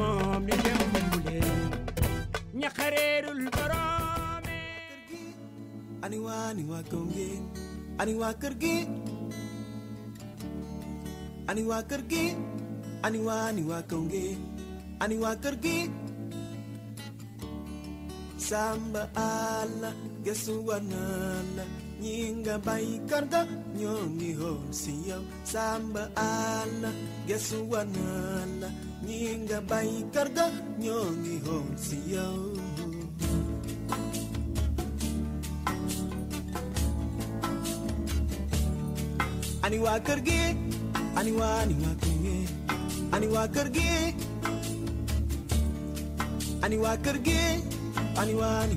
moom li dem bu leen ña xareerul borom ani waa ani waa kaw ani waa kër ani waa kër ani waa ani Samba ala gesuwanala nyinga baikarda nyoni ho siyo Samba ala gesuwanala nyinga baikarda nyoni ho siyo Aniwa kergi aniwa aniwa kergi aniwa kergi aniwa kergi ani waa ani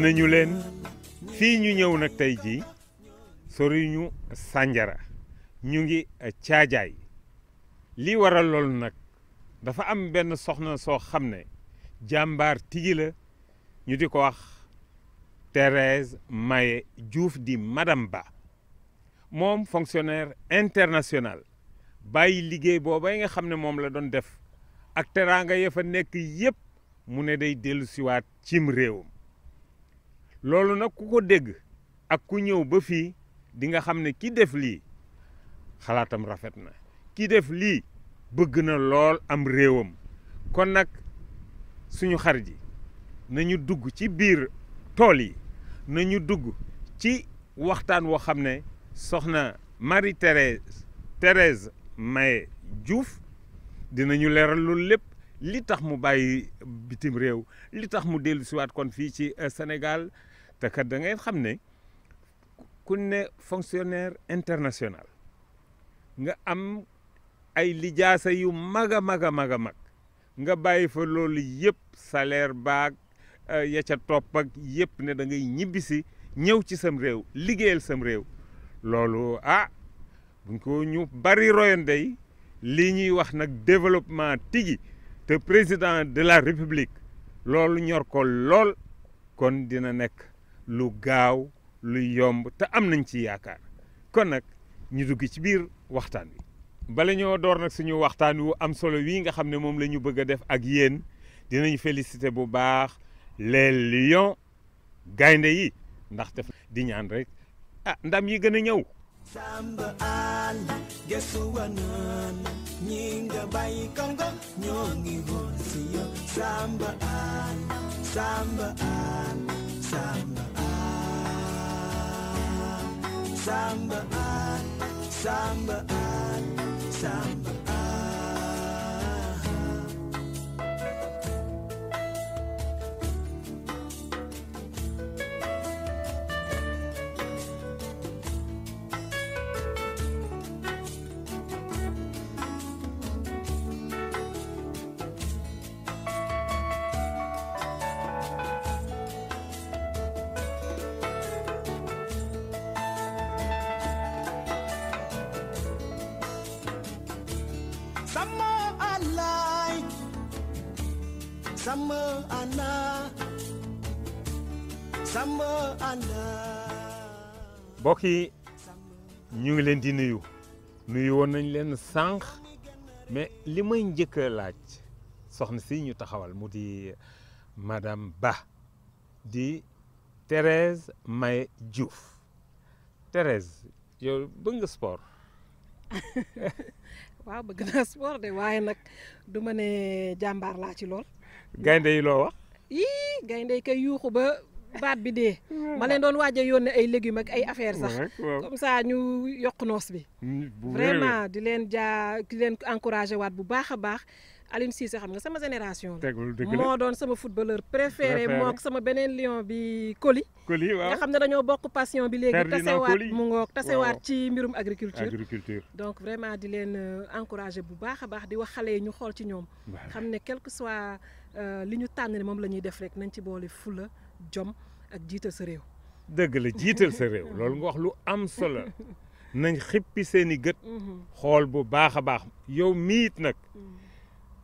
nañu leen fii ñu ñëw nag tey jii soriñu sànjara ñu ngi caajaay lii waral loolu nag dafa am benn soxna soo xam ne jàmbaar tigi la ñu di ko wax Thérèse Maye Diouf di madame Ba moom fonctionnaire international bàyyi liggéey booba yi nga xam ne moom la doon def ak teraanga ya fa nekk yépp mu ne day dellusiwaat siwaat cim réewam loolu nag ku ko dégg ak ku ñëw ba fii dinga xam ne ki def lii xalaatam rafet na ki def lii bëgg na lool am réewam kon nag suñu xarit yi nañu dugg ci biir tool yi nañu dugg ci waxtaan woo xam ne soxna Marie Thérèse Thérèse Maye Diouf dinañu leeral loolu lépp li tax mu bàyyi bitim réew li tax mu dellu siwaat kon fii ci euh, Sénégal te kat da xam ne ku ne fonctionnaire international nga am ay lijaasa yu mag a mag a mag a mag nga bàyyi fa loolu yëpp salaire baag euh, ya ca topp ak yëpp ne dangay ñibbisi ñëw ci sam réew liggéeyal sam réew loolu ah buñ ko ñu bari royandey li ñuy wax nak développement tigi te président de la république loolu ñor ko lool kon dina nek lu gaaw lu yomb te am nañ ci yaakaar kon nak ñu dugg ci biir waxtaan wi. bala ñoo door nag suñu waxtaan wu am solo wi nga xam ne moom la ñu bëgg a def ak yéen dinañ félicité bu baax les lions gaynde yi ndax def di ñaan rek ah ndam yi gën a ñëw. Samba ala gesuwanan nyinga bayi kongo nyongi honsiyo samba ala samba ala samba ala samba ala samba ala samba ala Samba Anna, Samba Anna. mbokk yi ñu ngi leen di nuyu nuyu woon nañ leen sànq mais li may njëkk a laaj soxna si ñu taxawal mu di madame Ba di Thérèse Maye Diouf Thérèse yow bëgg nga sport. waaw bëgg naa sport de waaye nag du ma ne jàmbaar laa ci lool gaynde yi lo wax. yi gaynde kay yuxu ba baat bi dee. ma leen doon waaj a ay légumes ak ay affaire sax. comme ça ñu yokk noos bi. vraiment di leen ja di leen encouragé waat bu baax a baax. Aline Cissé xam nga sama génération la moo doon sama footballeur préféré moo ak sama beneen lion bi coli Coly waaw nga xam ne dañoo bokk passion bi léegi tasewaat mu ngoog tasewaat ci mbirum agriculture agriculture donc vraiment di leen euh, encourager bu baax a baax di wax xale yi ñu xool ci ñoom xam ne quel soit Euh, li ñu tànn moom la ñuy def rek nañ ci boole fula jom ak jiital sa réew. dëgg la jiital sa réew loolu nga wax lu am solo nañ xippi seen i gët. Mhm. xool bu baax a baax yow miit nag mhm.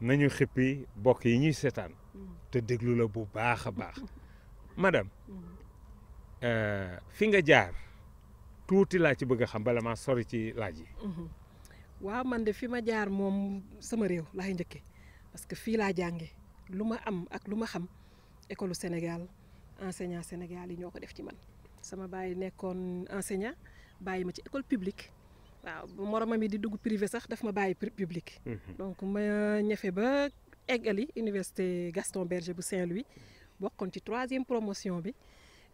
nañu xippi bokk yi ñuy seetaan mhm. te déglu la bu baax a baax madame euh, fi nga jaar tuuti laa ci bëgg a xam bala maa sori ci laaj yi. waaw man de fi ma jaar moom sama réew laay njëkkee parce que fii laa jàngee. lu ma am ak lu ma xam école Sénégal enseignant Sénégal yi ñoo def ci man sama baye nekkoon enseignant baye ma ci école publique waaw bu moromam di dugg privé sax daf ma baye publique mhm. donc ma ñefe ba eggali université Gaston Berger bu Saint-Louis bokkon ci 3e promotion bi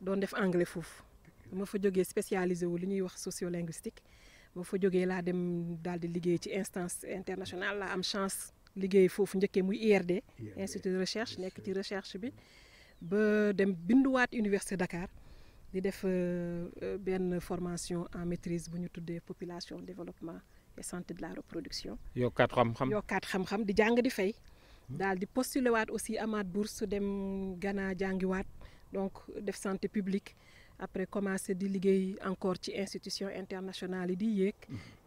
doon def anglais foofu ma fa joggé spécialisé wu li ñuy wax sociolinguistique ma fa joggé la dem dal di liggéey ci instance internationale la am chance liggéey fofu njëkkee muy IRD institut de recherche nek ci recherche bi ba dem binduwaat université Dakar di def ben formation en maîtrise bu ñu tuddé population développement et santé de la reproduction yokkaat xam-xam yokkaat xam-xam di jang di fay dal di postuler waat aussi amaat bourse dem Ghana jàngiwaat donc def santé publique après commencé di liguey encore ci institution internationale di yek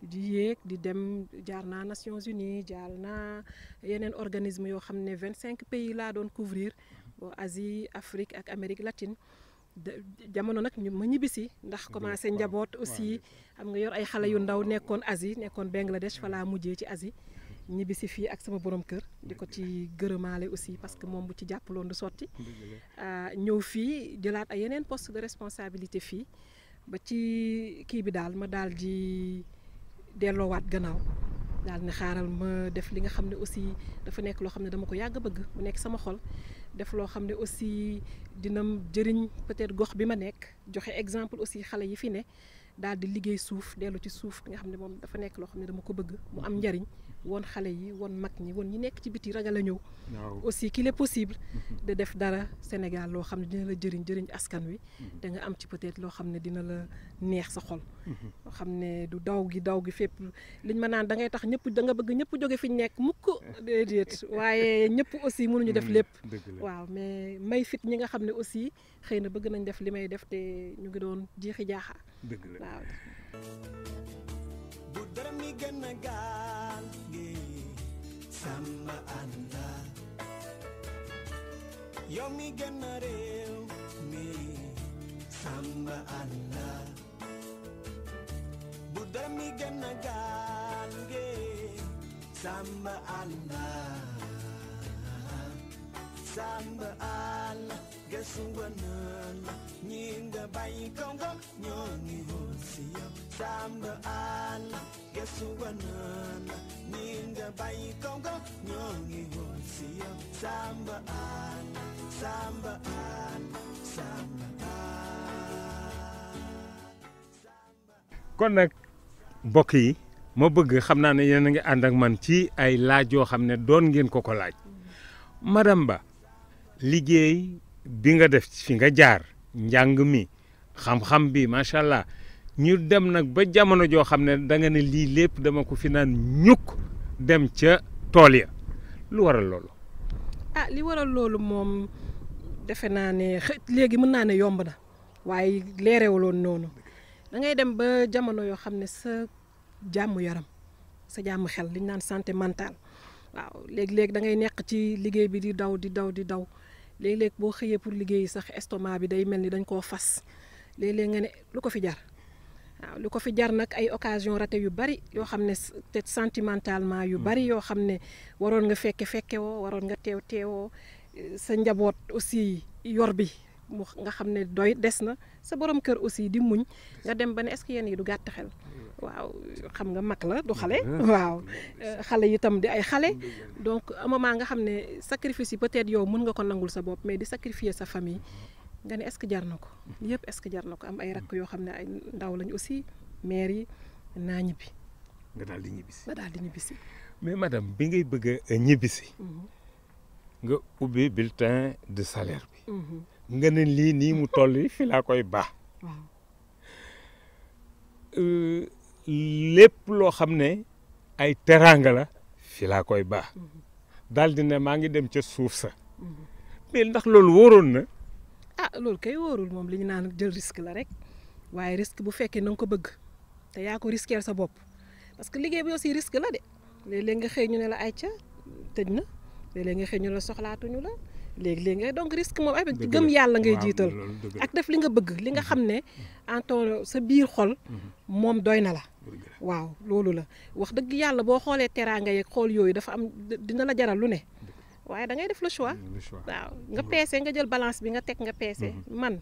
di yek di dem jaar naa Nations Unies jaar naa yeneen organisme yo xam 25 pays la doon couvrir bo Asie Afrique ak Amérique latine jamono nak ñu ma ñibbisi ndax commencé njabot aussi am nga yor ay xale yu ndaw nekkoon Asie nekkoon Bangladesh fala mujjé ci Asie je suis ak sama borom kër di ci gërëmaale aussi parce que moom bu ci jàppaloon du sotti euh, poste de responsabilité fii ba ci kii bi daal ma di delloowaat gannaaw daal xaaral ma def li nga aussi dafa nekk loo xam dama ko bëgg mu sama xol def aussi peut-être exemple aussi daal di liggéey suuf dellu ci suuf bi nga xam ne moom dafa nekk loo xam ne dama ko bëgg mu am njariñ woon xale yi woon mag ñi woon ñi nekk ci biti ragal la ñëw aussi qu'il possible mhm. da def dara Sénégal loo xam ne dina la jëriñ jëriñ askan wi da mhm. nga am ci peut-être loo xam ne dina la neex sa xol mhm. loo xam ne du daw gi daw gi fépp liñ ma naan da ngay tax ñëpp danga bëgg ñëpp jóge fi ñu nekk mukk déedéet waaye ñëpp aussi mënuñu def lépp waaw mais may fit ñi nga xam ne aussi xëy na bëgg nañ def li may def te ñu ngi doon jeexi jaaxa out. Budramigan na gagi sama anda Yomigan na rew mi sama anda Budramigan na sang bờ an ghe xuống bờ nơn nhìn ghe bay không góc nhớ nghi hồn siêu sang bờ an ghe xuống bờ nơn nhìn ghe bay không góc nhớ nghi hồn siêu sang bờ an sang bờ an sang bờ an kon nag mbokk yi ma bëgg xam naa ne yéen a ngi ànd ak man ci ay laaj yoo xam ne doon ngeen ko ko laaj mm-hmm. madame Ba liggéey bi nga def fi nga jaar njàng mi xam-xam bi macha allah ñu dem nag ba jamono joo xam ne danga ne lii lépp dama ko fi naan ñukk dem ca tool ya lu waral loolu. ah li waral loolu moom defe naa ne xëy léegi mën naa ne yomb na waaye leerewuloon noonu da ngay dem ba jamono yoo xam ne sa jàmm yaram sa jàmm xel li naan santé mentale waaw léegi léegi da ngay nekk ci liggéey bi di daw di daw di daw. léeg-léeg boo xëyee pour liggéeyi sax estomac bi day mel ni dañ koo fas léeg-léeg nga ne lu ko fi jar waaw lu ko fi jar nag ay occasion rate yu bari yoo xam ne peut-être sentimentalement yu bari mm. yoo xam ne waroon nga fekke fekke woo waroon nga teew teewoo eh, sa njaboot aussi yor bi mu nga xam ne doy des na sa borom kër aussi di muñ nga dem ba ne est-ce yi du gàtt xel mm. waaw xam nga mag la du xale waaw euh, xale itam di ay xale donc un moment nga xam ne sacrifice yi peut-être yow mën nga ko nangul sa bopp mais di sacrifier sa famille nga ne est-ce que jar na ko yëpp est-ce que jar na ko am ay rakk yoo xam ne ay ndaw lañ aussi maire yi naa ñibbi nga daal di ñibbisi nga daal di ñibbisi mais madame bi ngay bëgg a euh, mhm. nga ubbi bulletin de salaire bi mhm. nga ne lii nii mu toll fi laa koy baax lépp loo xam ne ay teraanga la fi laa koy baax mhm. daal di ne maa ngi dem ca suuf sa mhm. mais ndax loolu wóoroon na. ah loolu kay wóorul moom li ñu naan jël risque la rek waaye risque bu fekkee na nga ko bëgg te yaa ko risquer sa bopp parce que liggéey bi aussi risque la de léeg-léeg nga xëy ñu ne la ay ca tëj na léeg-léeg nga xëy ñu ne la soxlaatuñu la. léegi-léegi ngay donc risque moom ay gëm yàlla ngay jiital ak def li nga bëgg li nga mhm. xam ne en temps sa biir xol mhm. moom doy na la waaw loolu la wax dëgg yàlla boo xoolee teraanga yeeg xool yooyu dafa am dina la jaral lu ne waaye da ngay def mm, la choix nga peese nga jël balance bi nga teg nga peese mhm. man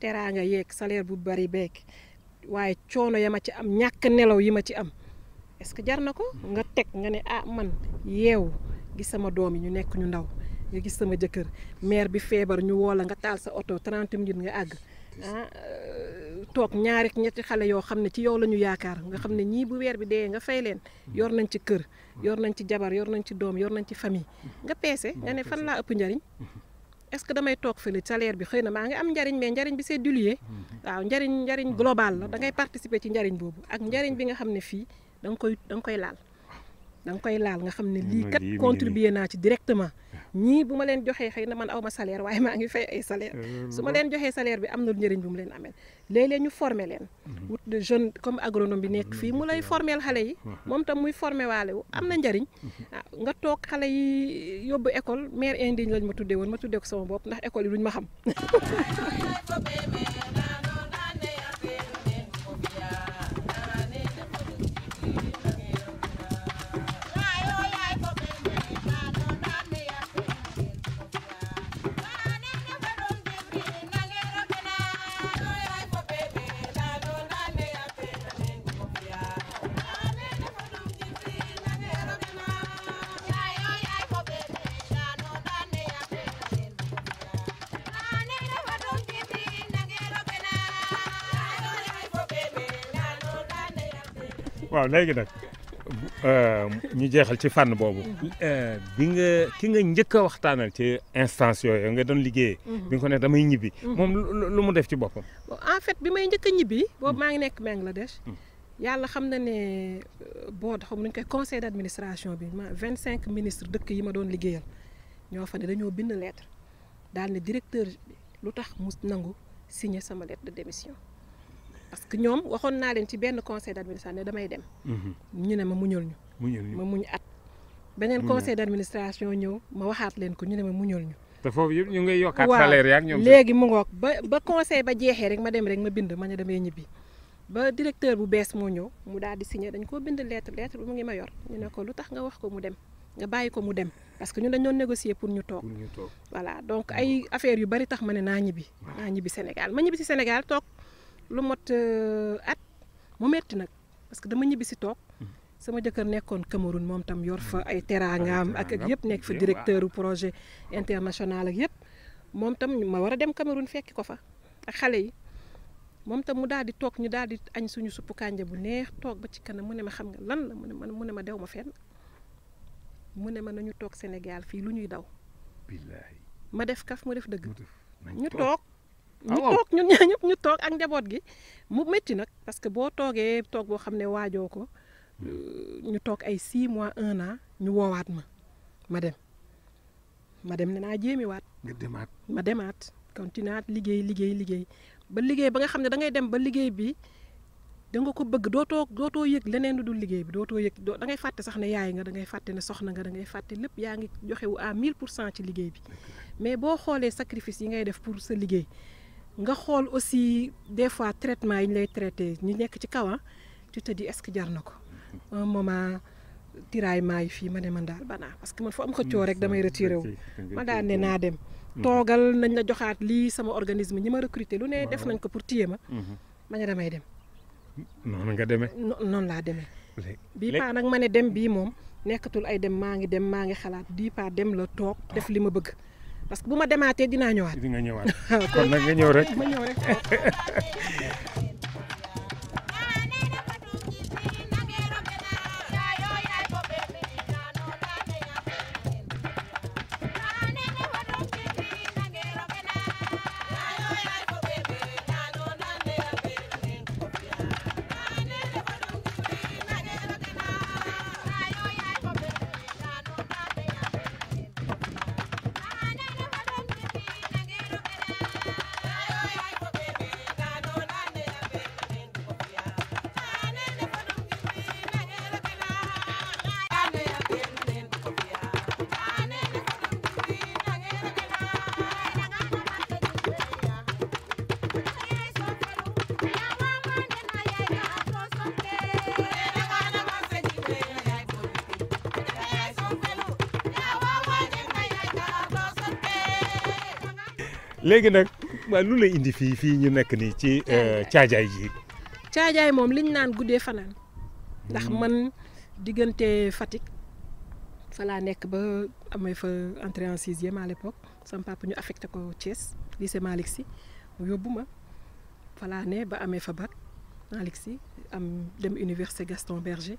teraanga yeeg salaire bu bari beeg waaye coono ya ma ci am ñàkk nelaw yi ma ci am est-ce que jar na ko nga teg nga ne ah man yeew gi sama doom yi ñu nekk ñu ndaw nga gis sama jëkkër maire bi feebar ñu woo la nga taal sa oto 30 minutes nga àgg ah, euh, toog ñaari ñetti xale yoo xam ne ci yow la ñu yaakaar nga xam ne ñii bu weer bi dee nga fay leen yor nañ ci kër yor nañ ci jabar yor nañ ci doom yor nañ ci famille nga peese nga ne fan laa ëpp njariñ est-ce que damay toog fële salaire bi xëy na maa ngi am njariñ mais njariñ bi c'est dilué mm-hmm. waaw njariñ njariñ global la dangay ngay mm-hmm. participer ci njariñ boobu ak njariñ bi nga xam ne fii da nga koy da koy laal da koy laal nga xam ne lii kat contribuer naa ci directement ah. ñii bu ma leen joxee xëy na man aw ma salaire waaye maa ngi fay ay salaire eh, su ma leen joxee salaire bi am na njëriñ bu mu leen amee léeg-léeg ñu former leen mm-hmm. wut de jeune comme agronome bi nekk mm-hmm. fii mu lay mm-hmm. formeel xale yi moom tam muy former waale am na njëriñ ah, nga toog xale yi yóbbu école mère indigne lañ ma tuddee woon ma tuddee ko sama bopp ndax école yi duñ ma xam waaw léegi nag euh, ñu jeexal ci fànn boobu. Euh, bi nga ki nga njëkk a waxtaanal ci instance yooyu nga doon liggéeyee. Mhm. bi nga ko ne damay ñibbi. Mhm. moom lu mu def ci boppam. en fait bi may njëkk a ñibbi. boobu mhm. maa ngi nekk Bangladesh. yàlla xam na ne euh, boo xam nu ñu koy conseil d' administration bi ma vingt cinq ministres dëkk yi ma doon liggéeyal ñoo fa ne dañoo bind lettre daal ne directeur bi lu tax mu nangu signe sama lettre de démission. parce que ñoom waxoon naa leen ci benn conseil d'administration ne damay dem. Mhm. ñu ne ma muñul ñu. muñul ñu ma muñ at. beneen conseil d'administration ñëw ma waxaat leen ko ñu ne ma muñul ñu. te foofu yëpp ñu ngay yokkaat salaire yaak ñoom léegi mu ngoog ba ba conseil ba jeexee dem rek ma bind ma ne ñibbi. ba directeur bu bees moo ñëw mu daal di signé dañ koo bind lettre lettre bi mu ngi ma yor ñu ne ko lu tax nga wax ko mu dem nga bàyyi ko mu dem parce que ñun dañoo négocier pour ñu toog. pour ñu toog voilà donc ay affaires yu bari tax ma ne naa ñibbi. naa ñibbi Sénégal ma ñibbi si Sénégal toog lu mot euh, at mu metti nag parce que dama ñibbi si toog mm-hmm. sama jëkkër nekkoon Cameroun moom tam yor fa mm-hmm. ay teraangaam ak ak yëpp nekk fa directeur projet international ak yëpp moom tam ma war a dem Cameroun fekk ko fa ak xale yi moom tam mu daal di toog ñu daal di añ suñu suppu kànja bu neex toog ba ci kanam mu ne ma xam nga lan la mu ne ma ne ma dew ma fenn mu ne ma nañu toog Sénégal fii lu ñuy daw. ma def kaf mu def dëgg. ñu toog. ñu ah, toog ñun ñaa ñëpp ñu toog ak njaboot gi mu métti nag parce que boo toogee toog boo xam ne waajoo ko euh, ñu toog ay 6 mois 1 an ñu woowaat ma ma dem ma dem ne naa jéemiwaat. nga ma demaat continuaat liggéey liggéey liggéey ba liggéey ba nga xam ne da ngay dem ba liggéey bi da nga ko bëgg doo dootoo dootoo yëg leneen lu dul liggéey bi dootoo yëg doo da ngay fàtte sax ne yaay nga dangay fàtte ne soxna nga dangay ngay fàtte lépp yaa ngi joxewu à 1000 pour cent ci liggéey bi mais boo xoolee sacrifice yi ngay def pour sa liggéey. nga xool aussi des fois traitement yi ñu lay traité ñu nekk ci kaw ah, tu te dis est-ce que jar na ko un moment tiraillement yi fii ma ne man daal banaa parce que man foo am xëccoo rek damay retiré wu ma daal ne naa dem mm-hmm. toogal nañ la joxaat lii sama organisme ñi ma recruté lu ne def nañ ko pour tiye ma mm-hmm. ma ne damay dem noonu nga demee noonu laa demee bii paa nag ma ne dem bii moom nekkatul ay dem maa ngi dem maa ngi xalaat bii paa dem la toog def ah. li ma bëgg parce que bu ma demaatee dinaa ñëwaat. di nga ñëwaat kon nag nga ñëw ma ñëw rek. léegi nak waaw lu lay indi fi fi ñu nek ni ci caajaay ji euh, caajaay mom liñ nane goudé fanaan ndax hmm. man diggante fatik fa laa nekk ba amay fa entrée en 6e à l'époque sama papa ñu affecté ko Thiès lycée Malick Sy mu yóbbu fa laa ne ba amé fa bac Malick Sy am dem université Gaston Berger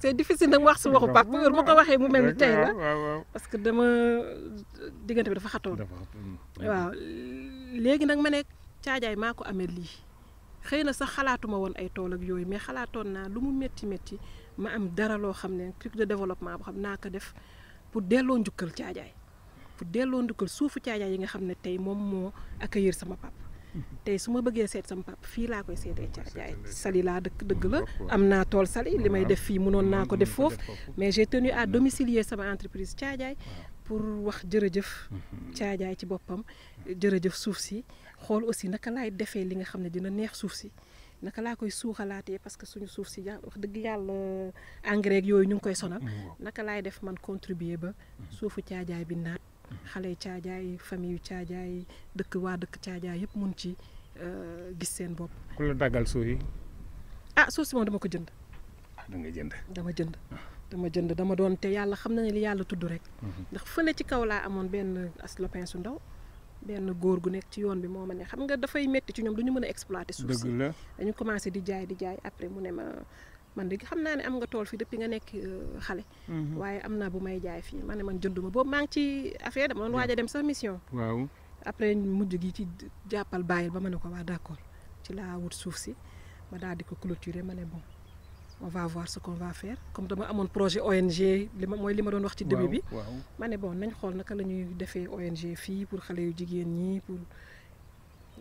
c'est difficile nag wax su waxu pap heure bu ko waxee mu mel ni tey parce que dama diggante bi dafa xatoon mm. waaw léegi nag ma ne caajaay maa ko amee lii xëy na sax xalaatuma woon ay tool ak yooyu mais xalaatoon naa lu mu métti métti ma am dara loo xam ne truc de développement boo xam naa ko def pour delloo njukkal caajaay pour delloo njukkal suufu caajaay yi nga xam ne tey moom moo yér sama pap tey su ma bëggee seet sama papa fii laa koy seetee Thiar Ndiaye Saly laa dëkk dëgg la am naa tool Saly li may def fii mënoon naa ko def foofu mais j'ai tenu à domicilier sama entreprise Thiar Ndiaye pour wax jërëjëf mhm. Thiar ci boppam jërëjëf suuf si xool aussi naka laay defee li nga xam ne dina neex suuf si naka laa koy suuxalaatee parce que suñu suuf si wax dëgg yàlla engrais yooyu ñu ngi koy sonal naka laay def man contribuer ba mhm. suufu Thiar bi naat xale yu caajaay fami famille caajaay dëkk waa dëkk caajaay yëpp mun ci euh, gis seen bopp. ku la daggal suuf yi. ah suuf si moom dama ko jënd. ah jënd. dama jënd dama jënd dama doon te yàlla xam na ne yàlla tudd rek. Mhm. ndax fële ci kaw laa amoon benn as lopin su ndaw. benn góor gu nekk ci yoon bi moo ma ne xam nga dafay métti ci ñoom du ñu mën a exploiter suuf si. dëgg la dañu commencé di jaay di jaay après mu ne ma. man de xam naa ne am nga tool fii depuis nga nekk euh, xale. Mhm. waaye am naa bu may jaay fii man ne man jënduma boobu maa ngi ci affaire dama doon waaj dem sax mission. waaw après mujj gi ci jàppal bàyyil ba ma ne ko waa d'accord ci laa wut suuf si ma daal di ko clôturer ma ne bon on va voir ce qu'on va faire comme dama amoon projet ONG li ma mooy li ma doon wax ci début bi. ma ne bon nañ xool naka la ñuy defee ONG fii pour xale yu jigéen ñi pour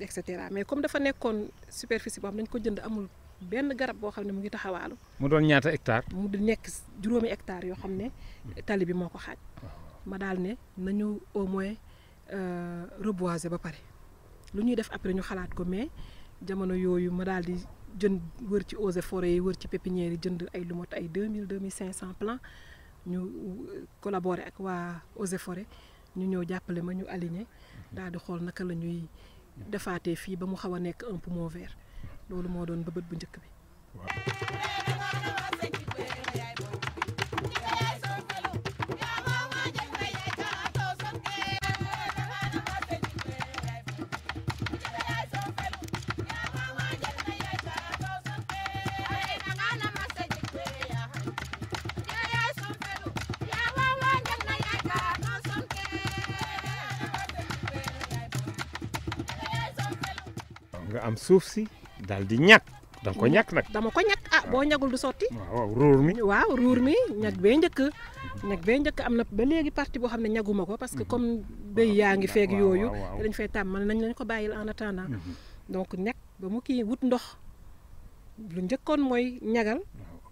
et cetera mais comme dafa nekkoon superficie boo xam dañ ko jënd amul. benn garab boo xam ne mu ngi taxawaalu. mu doon ñaata hectare mu di nekk juróomi hectare yoo xam ne hmm. tali bi moo ko xaaj. ma daal ne nañu au moins euh, reboiser ba pare lu ñuy def après ñu xalaat ko mais jamono yooyu ma daal di jënd wër ci ose et forêt yi wër ci pépinière yi jënd ay lu ay deux mille deux mille cinq cent plants ñu euh, collaborer ak waa eaux et forêt ñu ñëw jàppale ma ñu aligner hmm. daal di xool naka la ñuy defaatee fii ba mu xaw a nekk un poumon vert. loolu moo doon bëbët bu njëkk bi nga dal di ñak dang ko ñak nak dama ko ñak ah bo ñagul du soti waaw ruur mi waaw ruur mi ñak be ñëk ñak be ñëk amna na ba parti bo xam ñaguma ko parce que comme be yaangi ngi yoyu dañ fay tàmmal nañ lañ ko bayil en attendant mhm. donc ñak ba mu ki wut ndox lu ñëkkon moy ñagal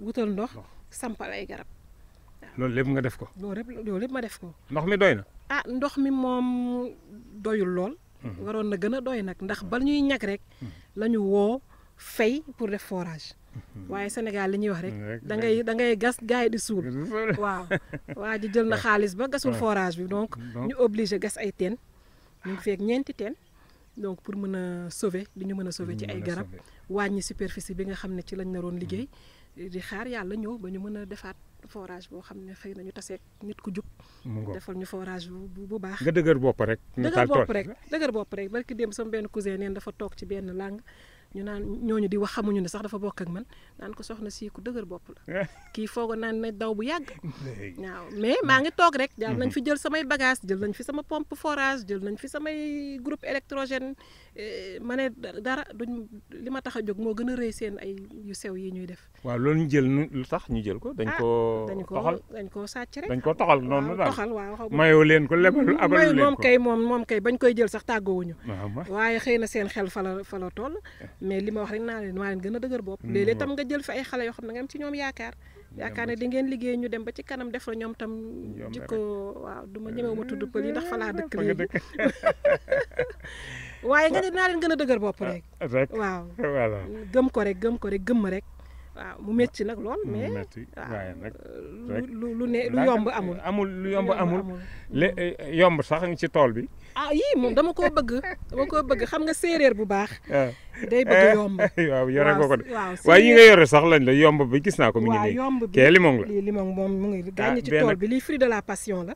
wutal ndox sampal ay garab loolu lepp nga def ko loolu lépp loolu lepp ma def ko ndox mi doyna ah ndox mi mom doyul lool mhm. waron na gëna doy nak ndax bal ñuy ñak rek mhm. lañu wo fay pour def forage mhm. waaye Sénégal li ñuy wax rek da ngay da ngay gas gars yi di suul waaw waa ji jël na xaalis ba gasul forage bi donc ñu obligé gas ay teen ñu ngi feek ñeenti teen donc pour mën a sauver li ñu mën a sauver ci ay garab wàññi superficie bi nga xam ne ci lañ naroon liggéey mhm. di xaar yàlla ñëw ba ñu mën a defaat forage boo xam ne xëy na ñu taseeg nit ku jub. defal ñu forage bu bu baax. nga dëgër bopp rek. ñu taal tool dëgër bopp rek dëgër bopp rek barki dem sama benn cousin neen dafa toog ci benn langue ñu naan ñooñu di wax xamuñu ne sax dafa bokk ak man naan ko soxna sii ku dëgër bopp la eh. kii foogo naan ne daw bu yàgg waaw mais maa ngi toog rek daal nañ fi mm-hmm. jël samay bagage jël nañ fi sama pompe forage jël nañ fi samay groupe électrogène eh, ma ne dara duñ li ma tax a jóg moo gën a rëy seen ay yu sew yi ñuy def waaw loolu ñu jël lu tax ñu jël ko dañ ah, ko dañ ko toxal dañ ko sàcc rek dañ toxal noonu daal toxal leen ko lebalu mm-hmm. abalu leen moom kay moom kay bañ koy jël sax tàggoowuñu waaye xëy na seen xel fa la fa mais li ma wax rek naa leen maa leen gën a dëgër bopp mm. léeg-léeg tam nga jël fi ay xale yoo xam ne nga am ci ñoom yaakaar yaakaar ne di liggéey ñu dem ba ci kanam def la ñoom tam jikko waaw du ma ñëmewu ma tudd pël yi ndax fa laa dëkk léegi waaye nga ne naa leen gën a dëgër bopp ah, rek waaw gëm ko rek gëm ko rek gëm rek waaw mu métti nag lool mm, mais métti lu lu ne lu yomb amul lu yomb amul le eh, yomb sax a ngi ci tool bi ah yii moom dama koo bëgg dama koo bëgg xam nga séeréer bu baax ah. day bëgg eh, yomb waaw yore nga ko de waaye yi nga yore sax lañ la yomb bi gis naa ko mi ngi nii yomb bi kee limon la lii limon moom mu ngi ah, gàññ ci tool bi lii fruit de la passion la